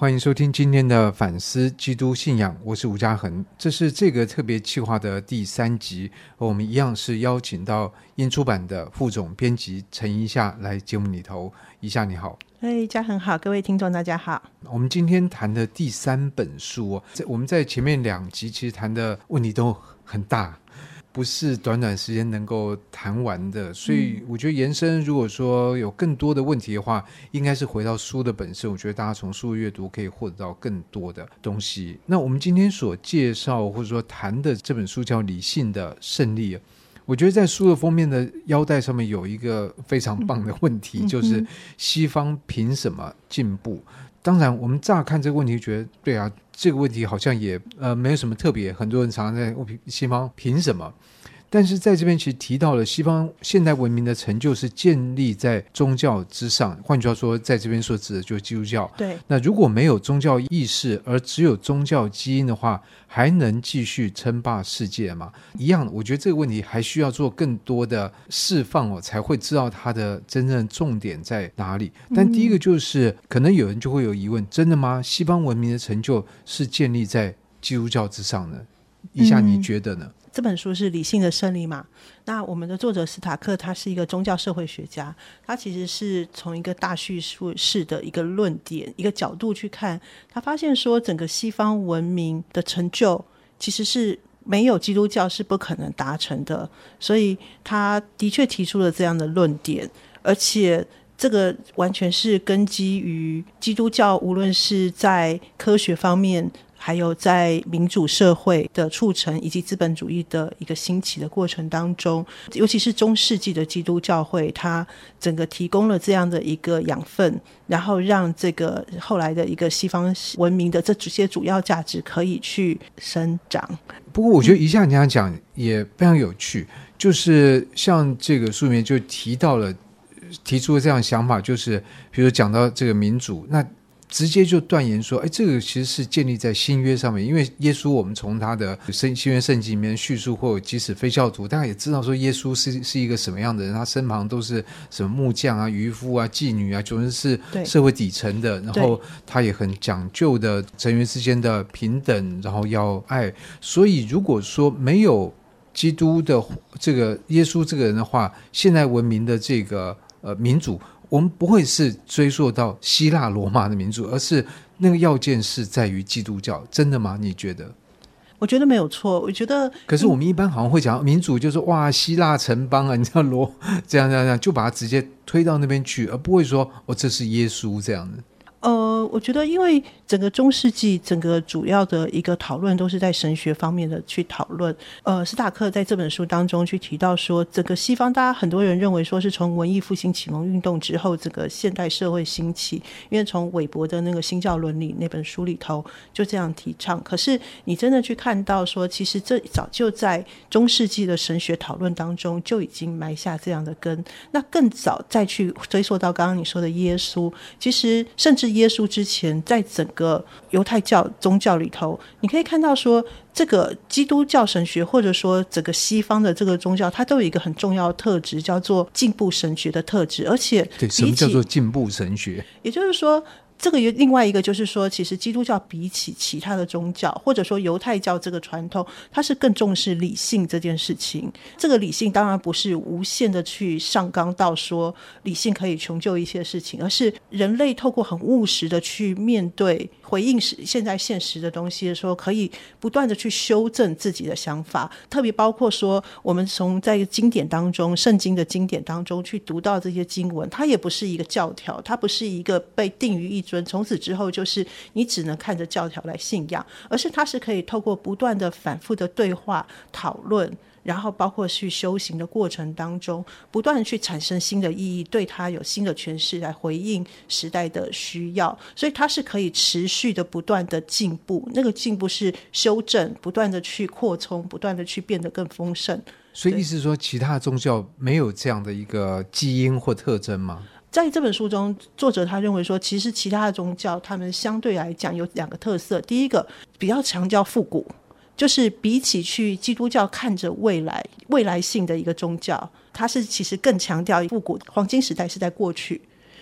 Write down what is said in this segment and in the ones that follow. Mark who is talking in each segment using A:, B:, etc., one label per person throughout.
A: 歡迎收聽今天的反思基督信仰，我是吳家恆。這是這個特別企劃的第三集，和我們一樣是邀請到鷹出版的副總編輯成怡夏來節目裡頭。怡夏，你好。
B: 哎，家恆好，各位聽眾大家好。
A: 我們今天談的第三本書，在我們在前面兩集其實談的問題都很大。不是短短時間能夠談完的，所以我覺得延伸，如果說有更多的問題的話，應該是回到書的本身。我覺得大家從書閱讀可以獲得到更多的東西。那我們今天所介紹或者說談的這本書叫《理性的勝利》。我覺得在書的封面的腰帶上面有一個非常棒的問題，嗯嗯、就是西方憑什麼進步？當然，我們乍看這個問題，覺得對啊，這個問題好像也呃沒有什麼特別。很多人常常在問，西方憑什麼？但是在這邊其實提到了西方現代文明的成就是建立在宗教之上，換句話說，在這邊說指的就是基督教。對。那如果沒有宗教意識，而只有宗教基因的話，還能繼續稱霸世界嗎？一樣，我覺得這個問題還需要做更多的釋放我、哦、才會知道它的真正重點在哪裡。但第一個就是、嗯，可能有人就會有疑問：真的嗎？西方文明的成就是建立在基督教之上呢？一下，你覺得呢？嗯，
B: 這本書是《理性的勝利》嘛？那我們的作者斯塔克，他是一個宗教社會學家，他其實是從一個大敘述式的一個論點、一個角度去看，他發現說，整個西方文明的成就其實是沒有基督教是不可能達成的，所以他的確提出了這樣的論點，而且這個完全是根基於基督教，無論是在科學方面。還有在民主社會的促成以及資本主義的一個興起的過程當中，尤其是中世紀的基督教會，它整個提供了這樣的一個養分，然後讓這個後來的一個西方文明的這些主要價值可以去生長。
A: 不過，我覺得一下你這樣講也非常有趣，嗯、就是像這個書裡面就提到了，提出了這樣的想法，就是比如說講到這個民主那。直接就斷言說：“哎，這個其實是建立在新約上面，因為耶穌，我們從他的新新約聖經裡面敘述，或即使非教徒，大家也知道說耶穌是是一個什麼樣的人，他身旁都是什麼木匠啊、漁夫啊、妓女啊，就是是社會底層的。然後他也很講究的成員之間的平等，然後要愛。所以，如果說沒有基督的這個耶穌這個人的話，現代文明的這個呃民主。”我們不會是追溯到希臘羅馬的民主，而是那個要件是在於基督教，真的嗎？你覺得？
B: 我覺得沒有錯，我覺得。
A: 可是我們一般好像會講民主，就是哇，希臘城邦啊，你像羅這樣這樣這樣，就把它直接推到那邊去，而不會說，我，哦，這是耶穌這樣的。
B: 呃，我覺得，因為整個中世紀，整個主要的一個討論都是在神學方面的去討論。呃，斯塔克在這本書當中去提到說，整個西方，大家很多人認為說是從文藝復興、啟蒙運動之後，這個現代社會興起。因為從韋伯的那個《新教倫理》那本書裡頭就這樣提倡。可是，你真的去看到說，其實這早就在中世紀的神學討論當中就已經埋下這樣的根。那更早再去追溯到剛剛你說的耶穌，其實甚至。耶穌之前，在整個猶太教宗教裡頭，你可以看到說，這個基督教神學或者說整個西方的這個宗教，它都有一個很重要的特質，叫做進步神學的特質，而且
A: 對什麼叫做進步神學？
B: 也就是說。這個有另外一個，就是說，其實基督教比起其他的宗教，或者說猶太教這個傳統，它是更重視理性這件事情。這個理性當然不是無限的去上綱到說理性可以窮究一些事情，而是人類透過很務實的去面對、回應現現在現實的東西的時候，可以不斷的去修正自己的想法。特別包括說，我們從在經典當中、聖經的經典當中去讀到這些經文，它也不是一個教條，它不是一個被定於一。從此之後，就是你只能看着教條來信仰，而是他是可以透過不斷的、反覆的對話、討論，然後包括去修行的過程當中，不斷去產生新的意義，對他有新的詮釋來回應時代的需要，所以他是可以持續的、不斷的進步。那個進步是修正，不斷的去擴充，不斷的去變得更豐盛。
A: 所以，意思是說，其他宗教沒有這樣的一個基因或特徵嗎？
B: 在這本書中，作者他認為說，其實其他的宗教，他們相對來講有兩個特色。第一個比較強調復古，就是比起去基督教看着未來、未來性的一個宗教，它是其實更強調復古，黃金時代是在過去。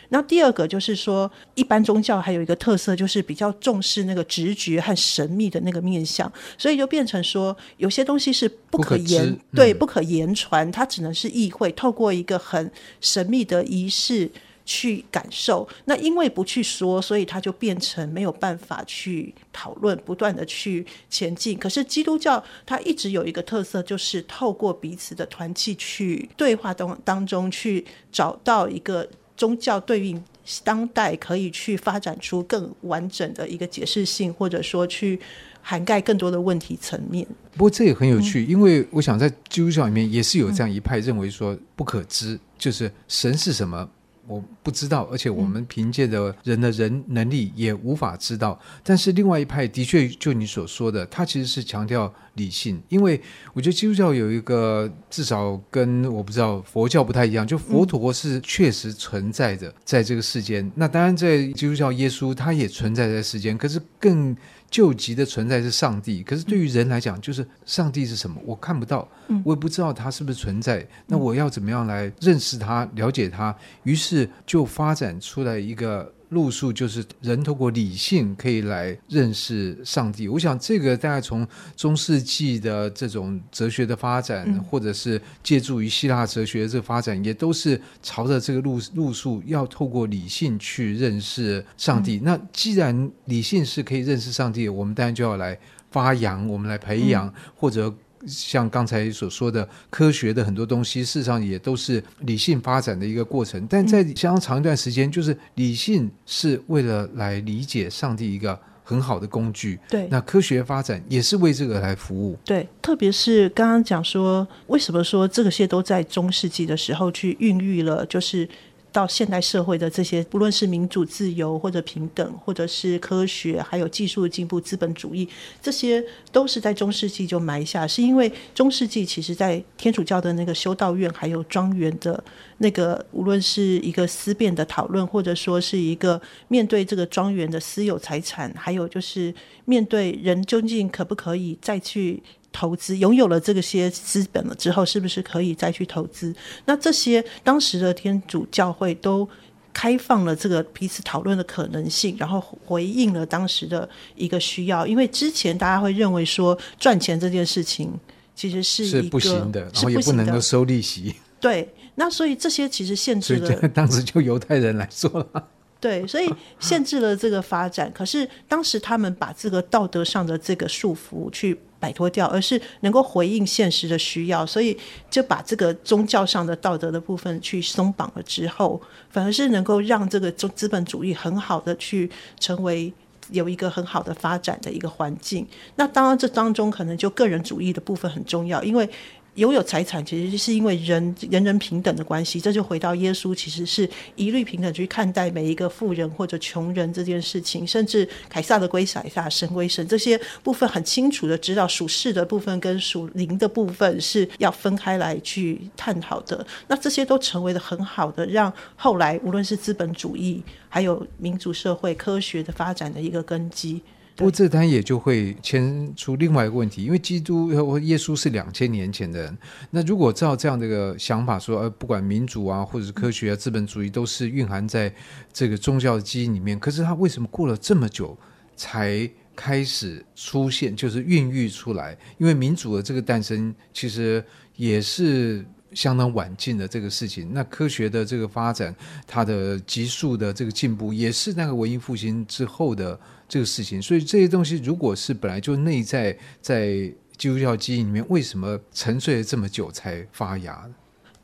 B: 那第二個就是說，一般宗教還有一個特色，就是比較重視那個直覺和神秘的那個面向，所以就變成說，有些東西是不可言，可對、嗯，不可言傳，它只能是意會，透過一個很神秘的儀式去感受。那因為不去說，所以它就變成沒有辦法去討論，不斷地去前進。可是基督教它一直有一個特色，就是透過彼此的團契去對話當當中去找到一個。宗教對應當代可以去發展出更完整的一個解釋性，或者說去涵蓋更多的問題層面。
A: 不過這也很有趣，嗯、因為我想在基督教裡面也是有這樣一派認為說不可知，嗯、就是神是什麼。我不知道，而且我們憑借的人的人能力也無法知道。嗯、但是，另外一派的確，就你所說的，他其實是強調理性，因為我覺得基督教有一個，至少跟我不知道佛教不太一樣。就佛陀是確實存在的，嗯、在這個世間，那當然在基督教耶穌他也存在在，在世間，可是更。究極的存在是上帝，可是對於人來講，就是上帝是什麼？我看不到，我也不知道他是不是存在。嗯、那我要怎麼樣來認識他、了解他？於是就發展出來一個。路數就是人透過理性可以來認識上帝。我想這個大家從中世紀的這種哲學的發展，嗯、或者是借助於希臘哲學的這個發展，也都是朝着這個路路數，要透過理性去認識上帝、嗯。那既然理性是可以認識上帝，我們當然就要來發揚，我們來培養、嗯、或者。像剛才所說的，科學的很多東西，事實上也都是理性發展的一個過程。但在相當長一段時間，嗯，就是理性是為了來理解上帝一個很好的工具。對，那科學發展也是為這個來服務。
B: 對，特別是剛剛講說，為什麼說這個些都在中世紀的時候去孕育了，就是。到現代社會的這些，不論是民主自由或者平等，或者是科學，還有技術的進步，資本主義，這些都是在中世紀就埋下，是因為中世紀其實，在天主教的那個修道院，還有莊園的那個，無論是一個思辨的討論，或者說是一個面對這個莊園的私有財產，還有就是面對人究竟可不可以再去。投資擁有了這個些資本了之後，是不是可以再去投資？那這些當時的天主教會都開放了這個彼此討論的可能性，然後回應了當時的一個需要。因為之前大家會認為說賺錢這件事情其實是一個是不行的，然後也不能夠收利息。對，那所以這些其實限制了這個，
A: 當時就猶太人來做了。
B: 對，所以限制了這個發展。可是當時他們把這個道德上的這個束縛去。擺脫掉，而是能夠回應現實的需要，所以就把這個宗教上的道德的部分去鬆綁了之後，反而是能夠讓這個中資本主義很好的去成為有一個很好的發展的一個環境。那當然，這當中可能就個人主義的部分很重要，因為。擁有財產其實是因為人人人平等的關係，這就回到耶穌其實是一律平等去看待每一個富人或者窮人這件事情。甚至凱撒的歸凱撒，神歸神，這些部分很清楚的知道屬世的部分跟屬靈的部分是要分開來去探討的。那這些都成為了很好的讓後來無論是資本主義還有民主社會科學的發展的一個根基。
A: 不過這單也就會牽出另外一個問題，因為基督和耶穌是兩千年前的人。那如果照這樣的一個想法說，呃，不管民主啊，或者是科學啊，資本主義都是蘊含在這個宗教的基因裡面。可是他為什麼過了這麼久才開始出現，就是孕育出來？因為民主的這個誕生其實也是相當晚近的這個事情。那科學的這個發展，它的急速的這個進步，也是那個文藝復興之後的。這個事情，所以這些東西如果是本來就內在在基督教基因裡面，為什麼沉睡了這麼久才發芽？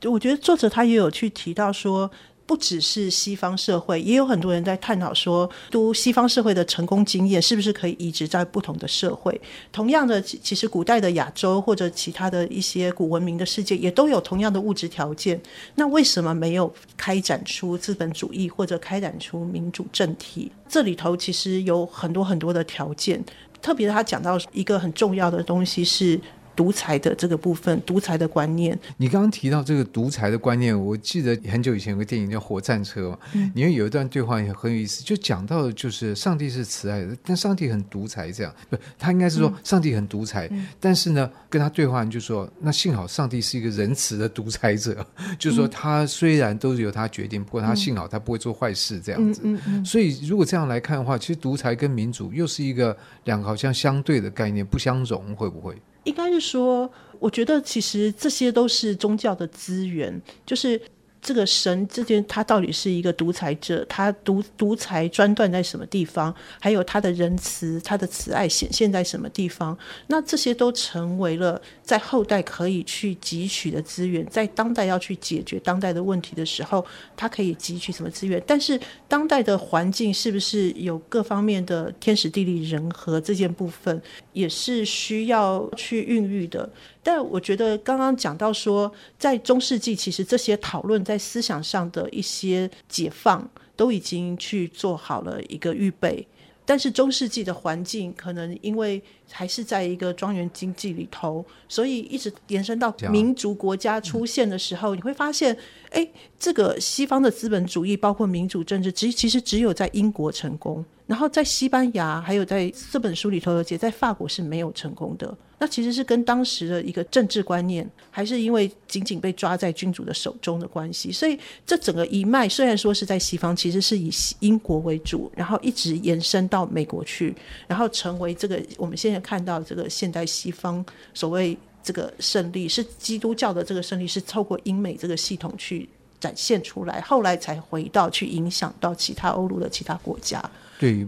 B: 就我覺得作者他也有去提到說。不只是西方社會，也有很多人在探討說，都西方社會的成功經驗是不是可以移植在不同的社會？同樣的，其實古代的亞洲或者其他的一些古文明的世界，也都有同樣的物質條件。那為什麼沒有開展出資本主義或者開展出民主政體？這裡頭其實有很多很多的條件，特別他講到一個很重要的東西是。獨裁的這個部分，獨裁的觀念。
A: 你剛剛提到這個獨裁的觀念，我記得很久以前有個電影叫《火戰車》嘛，因、嗯、為有一段對話也很有意思，就講到的就是上帝是慈愛的，但上帝很獨裁這樣。不，他應該是說上帝很獨裁、嗯，但是呢，跟他對話就說，那幸好上帝是一個仁慈的獨裁者、嗯，就是說他雖然都是由他決定，不過他幸好他不會做壞事這樣子、嗯嗯嗯嗯。所以如果這樣來看的話，其實獨裁跟民主又是一個兩個好像相對的概念，不相容，會不會？
B: 應該是說，我覺得其實這些都是宗教的資源，就是。這個神之間，他到底是一個獨裁者？他獨獨裁專斷在什麼地方？還有他的仁慈、他的慈愛顯現在什麼地方？那這些都成為了在後代可以去汲取的資源，在當代要去解決當代的問題的時候，他可以汲取什麼資源？但是當代的環境是不是有各方面的天時、地利、人和這件部分也是需要去孕育的？但我覺得剛剛講到說，在中世紀，其實這些討論在在思想上的一些解放，都已經去做好了一個預備，但是中世紀的環境可能因為，還是在一個莊園經濟裡頭，所以一直延伸到民族國家出現的時候的，你會發現，誒，這個西方的資本主義，包括民主政治，其實只有在英國成功，然後在西班牙，還有在這本書裡頭，而且在法國是沒有成功的。那其實是跟當時的一個政治觀念，還是因為僅僅被抓在君主的手中的關係。所以，這整個一脈，雖然說是在西方，其實是以英國為主，然後一直延伸到美國去，然後成為這個我們現在。看到這個現代西方所謂這個勝利，是基督教的這個勝利，是透過英美這個系統去展現出來，後來才回到去影響到其他歐陸的其他國家。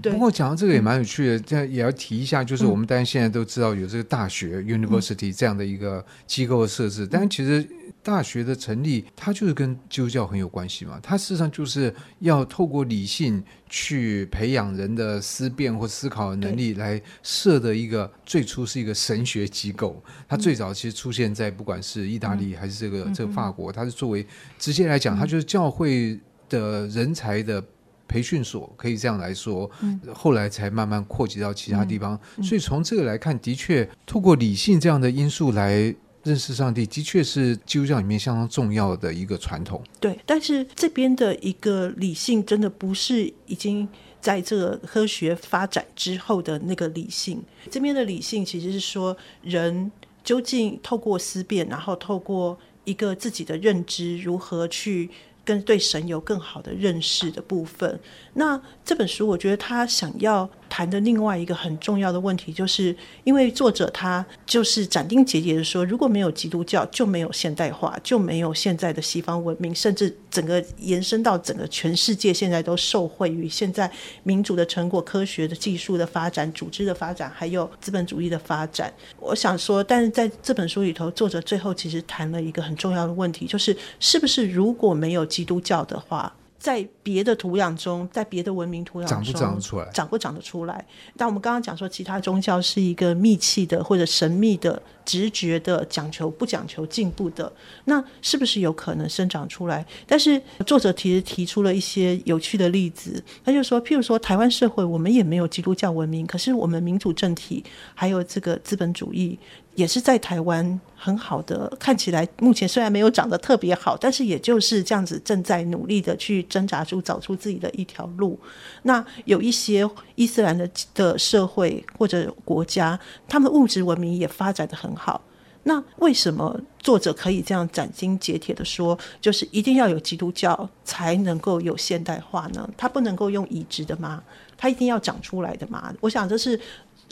A: 對，不過講到這個也蠻有趣的，這樣也要提一下，就是我們當然現在都知道有這個大學、嗯、（university） 這樣的一個機構的設置、嗯，但其實大學的成立，它就是跟基督教很有關係嘛。它事實上就是要透過理性去培養人的思辨或思考的能力來設的一個、嗯，最初是一個神學機構、嗯。它最早其實出現在不管是意大利還是這個、嗯、這個法國，它是作為直接來講，嗯、它就是教會的人才的。培訓所可以這樣來說，嗯，後來才慢慢擴及到其他地方。嗯嗯，所以從這個來看，的確透過理性這樣的因素來認識上帝，的確是基督教裡面相當重要的一個傳統。
B: 對，但是這邊的一個理性，真的不是已經在這個科學發展之後的那個理性。這邊的理性其實是說，人究竟透過思辨，然後透過一個自己的認知，如何去。跟對神有更好的認識的部分，那這本書我覺得他想要。談的另外一個很重要的問題，就是因為作者他就是斬釘截鐵的說，如果沒有基督教，就沒有現代化，就沒有現在的西方文明，甚至整個延伸到整個全世界，現在都受惠於現在民主的成果、科學的技術的發展、組織的發展，還有資本主義的發展。我想說，但是在這本書裡頭，作者最後其實談了一個很重要的問題，就是是不是如果沒有基督教的話，在別的土壤中，在別的文明土壤中長不長得出來，長不長得出來。但我們剛剛講說，其他宗教，是一個密契的或者神秘的、直覺的，講求不講求進步的，那是不是有可能生長出來？但是作者其實提出了一些有趣的例子，他就說，譬如說台灣社會，我們也沒有基督教文明，可是我們民主政體還有這個資本主義。也是在台灣很好的看起來，目前雖然沒有長得特別好，但是也就是這樣子，正在努力的去掙扎出找出自己的一條路。那有一些伊斯蘭的的社會或者國家，他們物質文明也發展的很好。那為什麼作者可以這樣斬釘截鐵的說，就是一定要有基督教才能夠有現代化呢？他不能夠用移植的嗎？他一定要長出來的嗎？我想這是。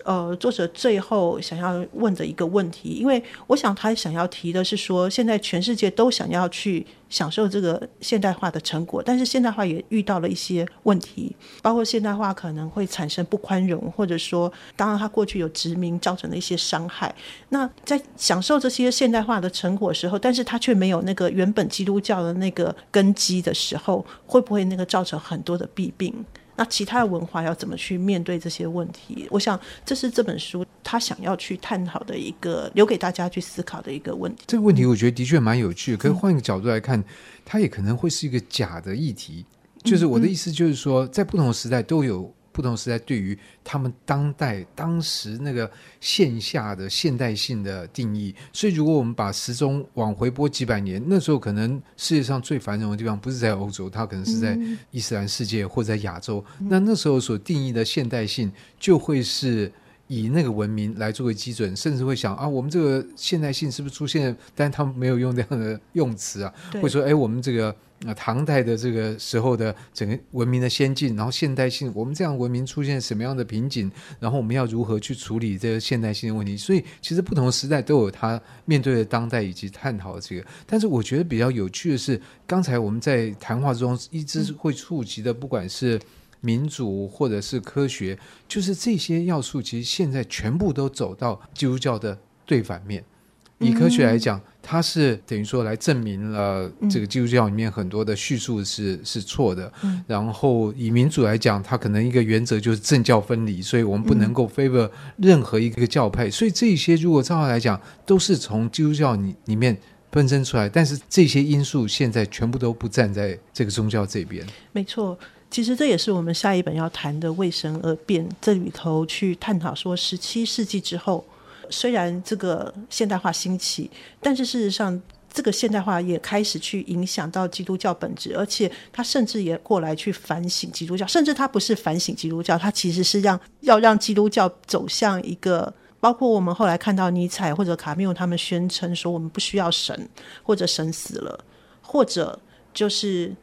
B: 呃，作者最後想要問的一個問題，因為我想他想要提的是說，現在全世界都想要去享受這個現代化的成果，但是現代化也遇到了一些問題，包括現代化可能會產生不寬容，或者說，當然他過去有殖民造成的一些傷害。那在享受這些現代化的成果的時候，但是他卻沒有那個原本基督教的那個根基的時候，會不會那個造成很多的弊病？那其他文化要怎麼去面對這些問題？我想這是這本書他想要去探討的一個，留給大家去思考的一個問題。
A: 這個問題我覺得的確蠻有趣，嗯、可換一個角度來看，它也可能會是一個假的議題。就是我的意思，就是說在不同的時代都有。不同時代對於他們當代當時那個線下的現代性的定義，所以如果我們把時鐘往回撥幾百年，那時候可能世界上最繁榮的地方不是在歐洲，它可能是在伊斯蘭世界或者在亞洲。嗯、那那時候所定義的現代性就會是以那個文明來作為基準，甚至會想啊，我們這個現代性是不是出現？但他們沒有用這樣的用詞啊，會說哎，我們這個。那唐代的這個時候的整個文明的先進，然後現代性，我們這樣文明出現什麼樣的瓶頸？然後我們要如何去處理這個現代性的問題？所以其實不同時代都有他面對的當代以及探討的這個。但是我覺得比較有趣的是，剛才我們在談話中一直會觸及的，不管是民主或者是科學，就是這些要素，其實現在全部都走到基督教的對反面。以科學來講，它是等於說來證明了這個基督教裡面很多的敘述是、嗯、是錯的。然後以民主來講，它可能一個原則就是政教分離，所以我們不能夠 favor 任何一個教派。嗯、所以這些如果這樣來講，都是從基督教裡裡面分身出來。但是這些因素現在全部都不站在這個宗教這邊。
B: 沒錯，其實這也是我們下一本要談的《為神而變》，這裡頭去探討說十七世紀之後。雖然這個現代化興起，但是事實上，這個現代化也開始去影響到基督教本質，而且他甚至也過來去反省基督教，甚至他不是反省基督教，他其實是讓要讓基督教走向一個，包括我們後來看到尼采或者卡繆他們宣稱說，我們不需要神，或者神死了，或者就是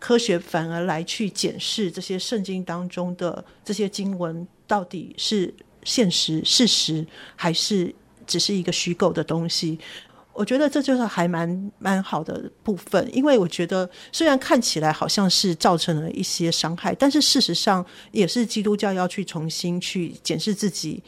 B: 科學反而來去檢視這些聖經當中的這些經文到底是。現實事實還是只是一個虛構的東西，我覺得這就是還蠻蠻好的部分，因為我覺得雖然看起來好像是造成了一些傷害，但是事實上也是基督教要去重新去檢視自己，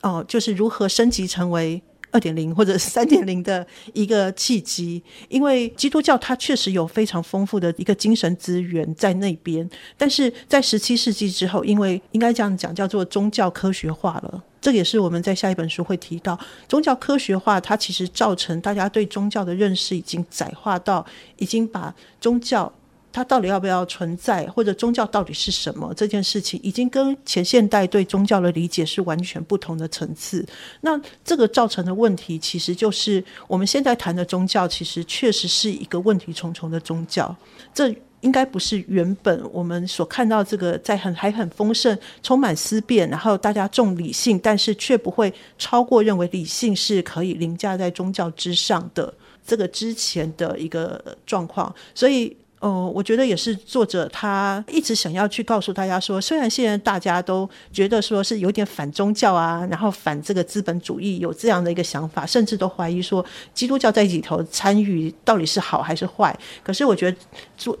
B: 哦、呃，就是如何升級成為。二點零或者三點零的一個契機，因為基督教它確實有非常豐富的一個精神資源在那邊，但是在十七世紀之後，因為應該這樣講，叫做宗教科學化了，這也是我們在下一本書會提到，宗教科學化它其實造成大家對宗教的認識已經窄化到，已經把宗教。它到底要不要存在，或者宗教到底是什麼？這件事情已經跟前現代對宗教的理解是完全不同的層次。那這個造成的問題，其實就是我們現在談的宗教，其實確實是一個問題重重的宗教。這應該不是原本我們所看到這個在很還很豐盛、充滿思辨，然後大家重理性，但是卻不會超過認為理性是可以凌駕在宗教之上的這個之前的一個狀況。所以。哦，我覺得也是，作者他一直想要去告訴大家說，雖然現在大家都覺得說是有點反宗教啊，然後反這個資本主義，有這樣的一個想法，甚至都懷疑說基督教在裡頭參與到底是好還是壞。可是我覺得。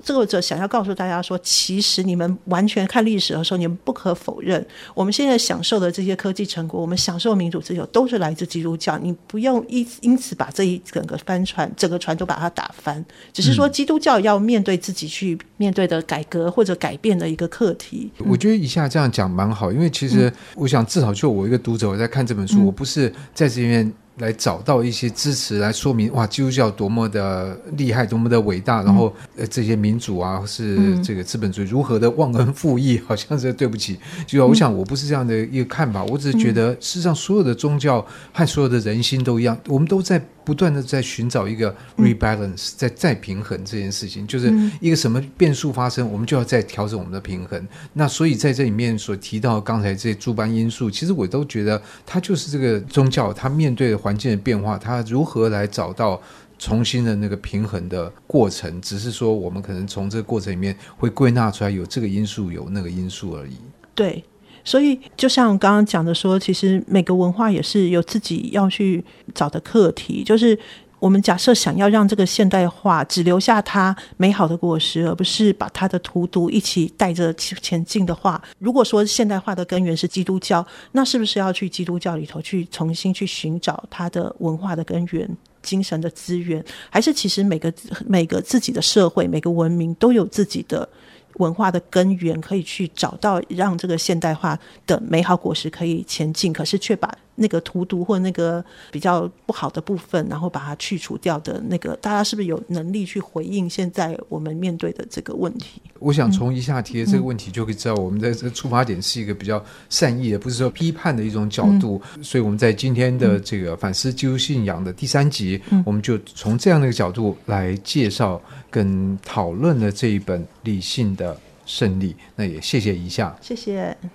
B: 作者想要告訴大家說，其實你們完全看歷史的時候，你們不可否認，我們現在享受的這些科技成果，我們享受民主自由，都是來自基督教。你不用因因此把這一整個帆船、整個船都把它打翻，只是說基督教要面對自己去面對的改革或者改變的一個課題。我
A: 覺得以下這樣講蠻好，因為其實我想至少就我一個讀者，我在看這本書，嗯，我不是在這邊。來找到一些支持，來說明，哇，基督教多麼的厲害，多麼的偉大，嗯。然後，呃，這些民主啊，是這個資本主義如何的忘恩負義，好像是對不起。就我想，我不是這樣的一個看法，嗯，我只是覺得，世上所有的宗教和所有的人心都一樣，我們都在。不斷的在尋找一個 rebalance，、嗯、在再平衡這件事情，就是一個什麼變數發生、嗯，我們就要再調整我們的平衡。那所以在這裡面所提到剛才這諸般因素，其實我都覺得，它就是這個宗教，它面對的環境的變化，它如何來找到重新的那個平衡的過程。只是說，我們可能從這個過程裡面會歸納出來有這個因素，有那個因素而已。
B: 對。所以，就像我剛剛講的說，其實每個文化也是有自己要去找的課題。就是我們假設想要讓這個現代化只留下它美好的果實，而不是把它的荼毒一起帶着前進的話，如果說現代化的根源是基督教，那是不是要去基督教裡頭去重新去尋找它的文化的根源、精神的資源？還是其實每個每個自己的社會、每個文明都有自己的？文化的根源可以去找到，讓這個現代化的美好果實可以前進，可是卻把那個荼毒或者那個比較不好的部分，然後把它去除掉的那個，大家是不是有能力去回應現在我們面對的這個問題？
A: 我想從以下提的這個問題就可以知道，我們在這個出發點是一個比較善意的，嗯、不是說批判的一種角度、嗯。所以我們在今天的這個反思基督信仰的第三集，嗯、我們就從這樣的一個角度來介紹跟討論的這一本《理性的勝利》。那也謝謝一下，
B: 謝謝。